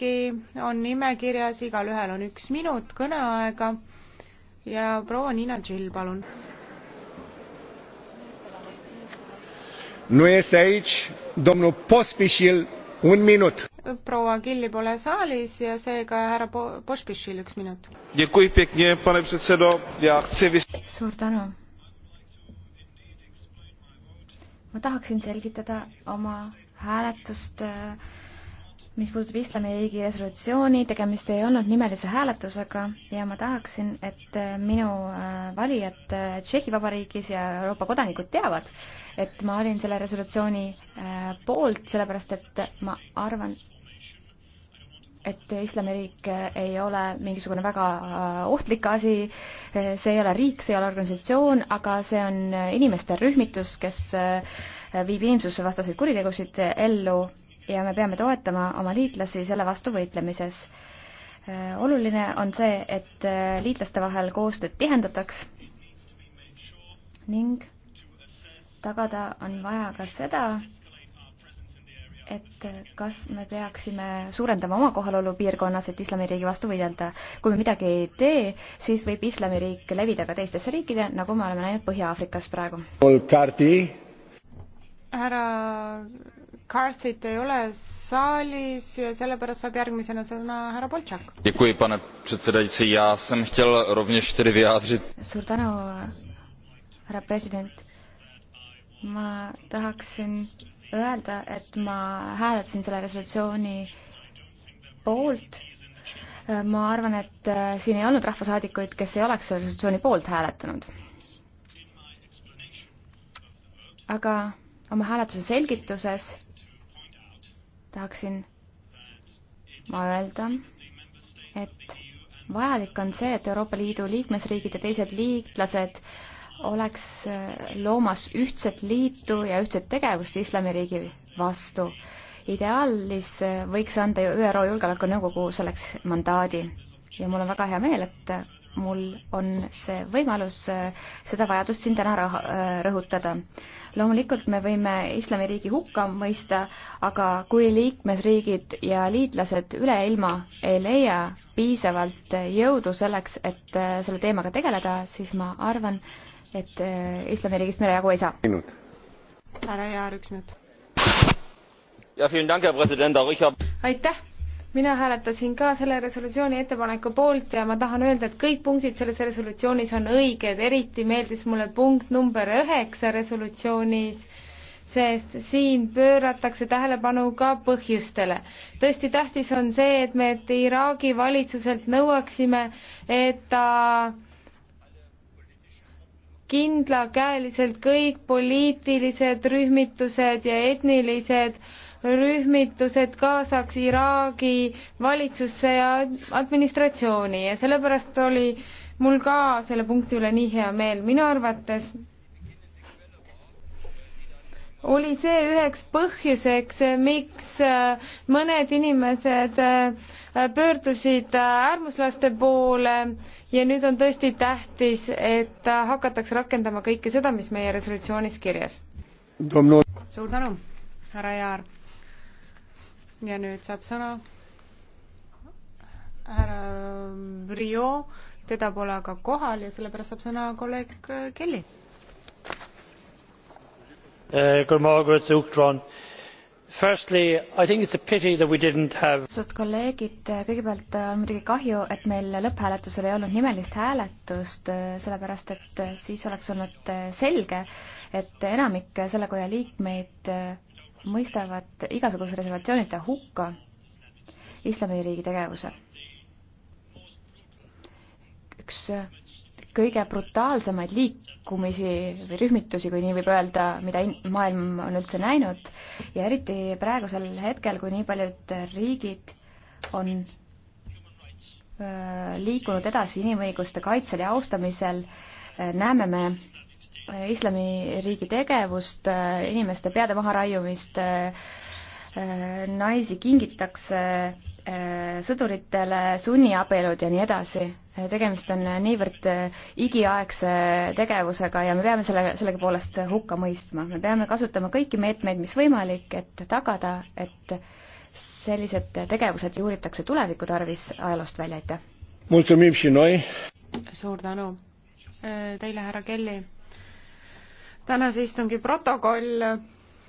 teilgi on nimekirjas, igalühel on üks minut kõneaega ja proua Nina Jill, palun. proua Killi pole saalis ja seega härra Pospišil üks minut. suur tänu. ma tahaksin selgitada oma hääletust äh, mis puudutab Islamiriigi resolutsiooni, tegemist ei olnud nimelise hääletusega ja ma tahaksin, et äh, minu äh, valijad äh, Tšehhi Vabariigis ja Euroopa kodanikud teavad, et ma olin selle resolutsiooni poolt, sellepärast et ma arvan, et Islamiriik ei ole mingisugune väga ohtlik asi, see ei ole riik, see ei ole organisatsioon, aga see on inimeste rühmitus, kes viib inimsusevastaseid kuritegusid ellu ja me peame toetama oma liitlasi selle vastu võitlemises. oluline on see, et liitlaste vahel koostööd tihendataks ning tagada on vaja ka seda, et kas me peaksime suurendama oma kohalolu piirkonnas, et islamiriigi vastu võidelda. kui me midagi ei tee, siis võib islamiriik levida ka teistesse riikide, nagu me oleme näinud Põhja-Aafrikas praegu. härra McCarthy't ei ole saalis ja sellepärast saab järgmisena sõna härra Boltšak. suur tänu, härra president. ma tahaksin öelda, et ma hääletasin selle resolutsiooni poolt. ma arvan, et äh, siin ei olnud rahvasaadikuid, kes ei oleks selle resolutsiooni poolt hääletanud. aga oma hääletuse selgituses tahaksin ma öelda, et vajalik on see, et Euroopa Liidu liikmesriigid ja teised liitlased oleks äh, loomas ühtset liitu ja ühtset tegevust Islamiriigi vastu. ideaalis äh, võiks anda ÜRO Julgeolekunõukogu selleks mandaadi ja mul on väga hea meel, et mul on see võimalus seda vajadust siin täna rõhutada. loomulikult me võime Islamiriigi hukka mõista, aga kui liikmesriigid ja liitlased üle ilma ei leia piisavalt jõudu selleks, et selle teemaga tegeleda, siis ma arvan, et Islamiriigist meile jagu ei saa. härra Jaar, üks minut. aitäh mina hääletasin ka selle resolutsiooni ettepaneku poolt ja ma tahan öelda, et kõik punktid selles resolutsioonis on õiged, eriti meeldis mulle punkt number üheksa resolutsioonis, sest siin pööratakse tähelepanu ka põhjustele. tõesti tähtis on see, et me et Iraagi valitsuselt nõuaksime, et ta kindlakäeliselt kõik poliitilised rühmitused ja etnilised äh, rühmitused kaasaks Iraagi valitsusse ja administratsiooni ja sellepärast oli mul ka selle punkti üle nii hea meel. minu arvates oli see üheks põhjuseks, miks äh, mõned inimesed äh, pöördusid äh, äärmuslaste poole ja nüüd on tõesti tähtis, et hakatakse rakendama kõike seda, mis meie resolutsioonis kirjas. suur tänu, härra Jaar ja nüüd saab sõna härra Brio, teda pole aga kohal ja sellepärast saab sõna kolleeg Kelly. Eh, Firstly, I think it's a pity that we didn't have austatud kolleegid, kõigepealt äh, on muidugi kahju, et meil lõpphääletusel ei olnud nimelist hääletust, äh, sellepärast et äh, siis oleks olnud selge, et enamik selle koja liikmeid mõistavad igasuguse reservatsioonita hukka islamiriigi tegevuse. üks kõige brutaalsemaid liikumisi või rühmitusi, kui nii võib öelda, mida maailm on üldse näinud ja eriti praegusel hetkel, kui nii paljud riigid on liikunud edasi inimõiguste kaitsel ja austamisel, näeme me Äh, islamiriigi tegevust, äh, inimeste peade maharaiumist, äh, naisi kingitakse sõduritele, sunniabielud ja nii edasi. tegemist on niivõrd igiaegse tegevusega ja me peame selle, sellegipoolest hukka mõistma. me peame kasutama kõiki meetmeid, mis võimalik, et tagada, et sellised tegevused juuritakse tuleviku tarvis ajaloost välja, aitäh! suur tänu teile, härra Kelly! tänase istungi protokoll